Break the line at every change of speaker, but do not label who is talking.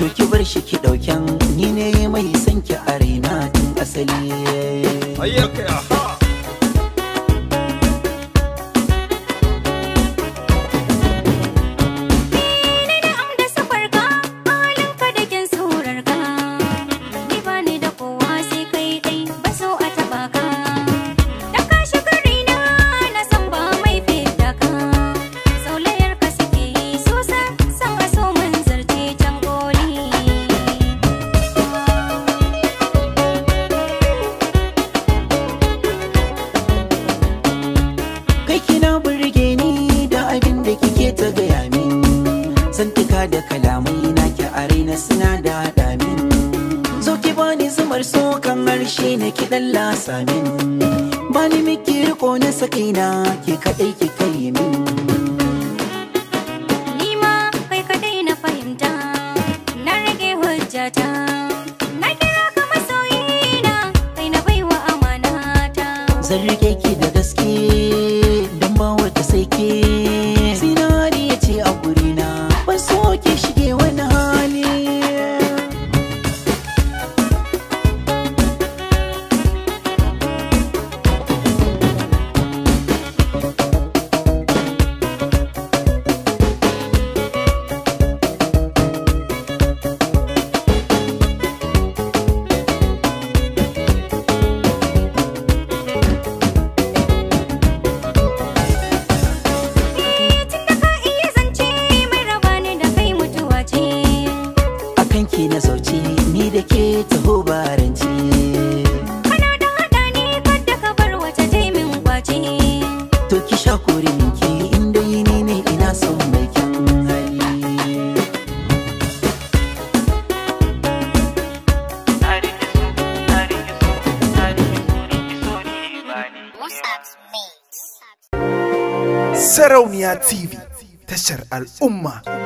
to ki bar shi ki ɗauken ni ne mai son ki a raina tun asali da kalamai na ke a raina suna da Zo ki bani zumar so kan harshe na ki dan lasa min. Bani miki riko na sakina ke kaɗai ki kai min. zan rike ki da gaske don bawar ta sai ke sinari ya ce a guri so ki shige wani da ke taho baranci
kana da hada ni kadda ka bar wata dai min
kwaci to ki shakuri kurin ki inda ni ne ina son mai kyan hali Sarauniya TV tashar al'umma